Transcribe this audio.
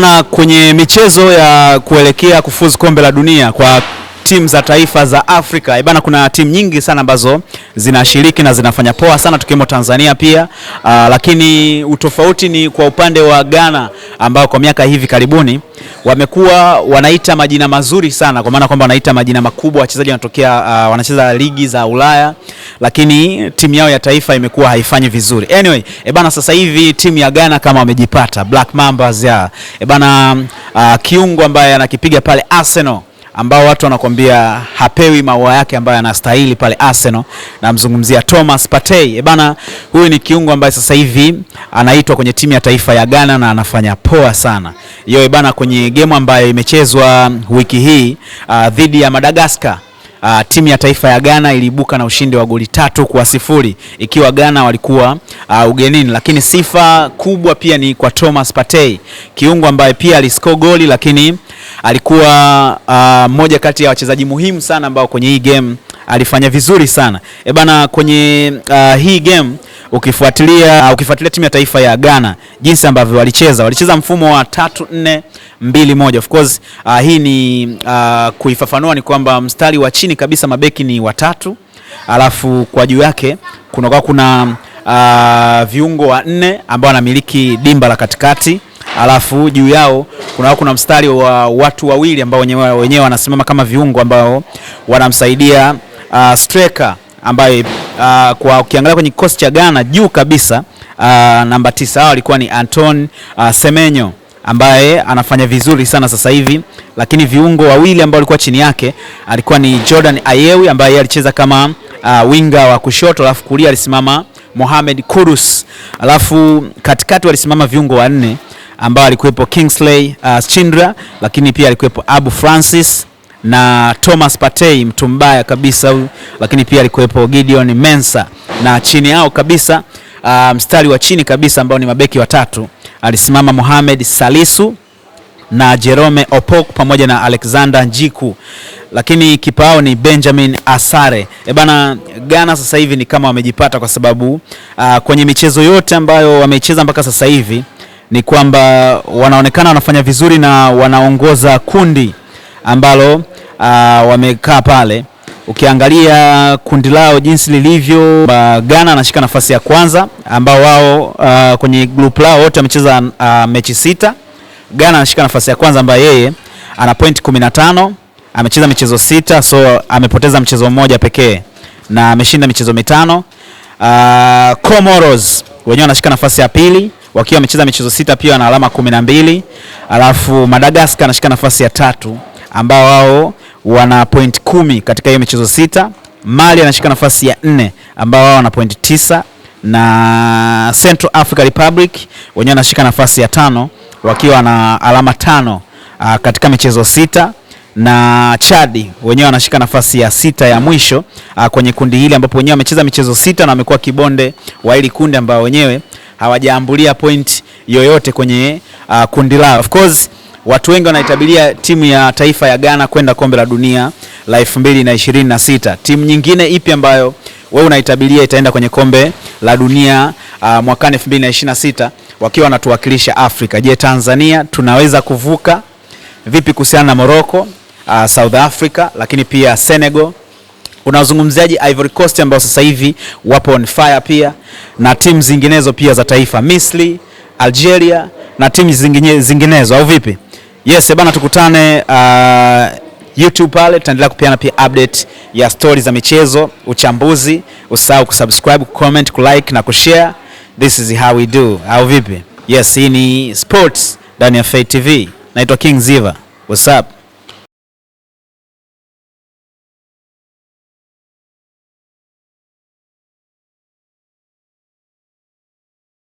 na kwenye michezo ya kuelekea kufuzu kombe la dunia kwa timu za taifa za Afrika. Eh, bana, kuna timu nyingi sana ambazo zinashiriki na zinafanya poa sana tukiwemo Tanzania pia. Aa, ah, lakini utofauti ni kwa upande wa Ghana ambao kwa miaka hivi karibuni wamekuwa wanaita majina mazuri sana, kwa maana kwamba wanaita majina makubwa wachezaji wanatokea, uh, wanacheza ligi za Ulaya, lakini timu yao ya taifa imekuwa haifanyi vizuri. Anyway, ebana, eh, sasa hivi timu ya Ghana kama wamejipata Black Mambas ya ebana, eh, uh, ah, kiungo ambaye anakipiga pale Arsenal ambao watu wanakwambia hapewi maua yake ambayo anastahili pale Arsenal. Namzungumzia Thomas Partey. E bana, huyu ni kiungo ambaye sasa hivi anaitwa kwenye timu ya taifa ya Ghana na anafanya poa sana. yo e bana, kwenye gemu ambayo imechezwa wiki hii uh, dhidi ya Madagascar Uh, timu ya taifa ya Ghana iliibuka na ushindi wa goli tatu kwa sifuri ikiwa Ghana walikuwa uh, ugenini, lakini sifa kubwa pia ni kwa Thomas Partey, kiungo ambaye pia alisko goli, lakini alikuwa uh, kati ya wachezaji muhimu sana ambao kwenye hii game alifanya vizuri sana e bana, kwenye uh, hii game ukifuatilia uh, ukifuatilia timu ya taifa ya Ghana jinsi ambavyo walicheza, walicheza mfumo wa tatu nne mbili moja. Of course uh, hii ni uh, kuifafanua ni kwamba mstari wa chini kabisa mabeki ni watatu, alafu kwa juu yake kuna kwa kuna uh, viungo wa nne ambao wanamiliki dimba la katikati alafu juu yao kuna kuna mstari wa watu wawili ambao wenyewe wanasimama kama viungo ambao wanamsaidia uh, striker ambaye uh, kwa ukiangalia kwenye kikosi cha Ghana juu kabisa uh, namba tisa hao alikuwa ni Anton uh, Semenyo ambaye anafanya vizuri sana sasa hivi, lakini viungo wawili ambao walikuwa chini yake alikuwa ni Jordan Ayewi ambaye alicheza kama uh, winga wa kushoto, alafu kulia alisimama Mohamed Kudus, alafu katikati walisimama viungo wanne ambao alikuwepo Kingsley uh, Chindra, lakini pia alikuwepo Abu Francis na Thomas Partey mtu mbaya kabisa, huyu, lakini pia alikuwepo Gideon Mensa na chini yao kabisa uh, mstari wa chini kabisa ambao ni mabeki watatu alisimama Mohamed Salisu na Jerome Opok pamoja na Alexander Njiku, lakini kipao ni Benjamin Asare. E bana, Ghana sasa hivi ni kama wamejipata kwa sababu uh, kwenye michezo yote ambayo wamecheza mpaka sasa hivi ni kwamba wanaonekana wanafanya vizuri na wanaongoza kundi ambalo uh, wamekaa pale. Ukiangalia kundi lao jinsi lilivyo, ah, Ghana anashika nafasi ya kwanza, ambao wao uh, kwenye group lao wote wamecheza uh, mechi sita. Ghana anashika nafasi ya kwanza ambaye yeye ana point 15, amecheza michezo sita, so amepoteza mchezo mmoja pekee na ameshinda michezo mitano. Uh, Comoros wenyewe wanashika nafasi ya pili wakiwa wamecheza michezo sita pia wana alama kumi na mbili. Alafu Madagascar anashika nafasi ya tatu ambao wao wana point kumi katika hiyo michezo sita. Mali anashika nafasi ya nne ambao wao wana point tisa na Central africa Republic wenyewe wanashika nafasi ya tano wakiwa na alama tano a, ah, katika michezo sita na Chadi wenyewe wanashika nafasi ya sita ya mwisho a, ah, kwenye kundi hili ambapo wenyewe wamecheza michezo sita na wamekuwa kibonde wa hili kundi ambao wenyewe hawajaambulia point yoyote kwenye uh, kundi lao. Of course watu wengi wanaitabiria timu ya taifa ya Ghana kwenda kombe la dunia la 2026. Timu nyingine ipi ambayo wewe unaitabiria itaenda kwenye kombe la dunia uh, mwakani 2026 wakiwa wanatuwakilisha Afrika? Je, Tanzania tunaweza kuvuka vipi kuhusiana na Morocco, uh, South Africa, lakini pia Senegal Unazungumziaje Ivory Coast ambao sasa hivi wapo on fire pia na timu zinginezo pia za taifa Misri, Algeria na timu zingine, zinginezo au vipi? Yes eh, bana, tukutane uh, YouTube pale tutaendelea kupeana pia update ya stori za michezo, uchambuzi. Usisahau kusubscribe, kucomment, kulike na kushare. This is how we do, au vipi? Yes, hii ni sports ndani ya Fay TV. Naitwa King Ziva, what's up?